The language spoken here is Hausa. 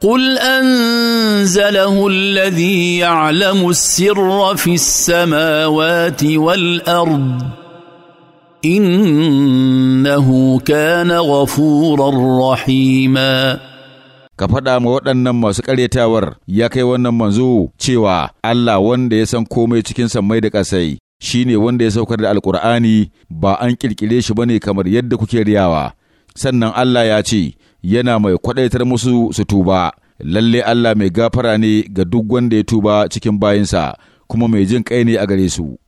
قل أنزله الذي يعلم السر في السماوات والأرض إنه كان غفورا رحيما ka faɗa ma waɗannan masu ƙaryatawar ya kai wannan manzo cewa Allah wanda ya san komai cikin sammai da ƙasai shi ne wanda ya saukar da Alƙur'ani, ba an ƙirƙire shi ba ne kamar yadda kuke riyawa sannan Allah ya ce yana mai kwaɗaitar musu su tuba lalle Allah mai gafara ne ga duk wanda ya tuba cikin bayinsa kuma mai jin kai ne a gare su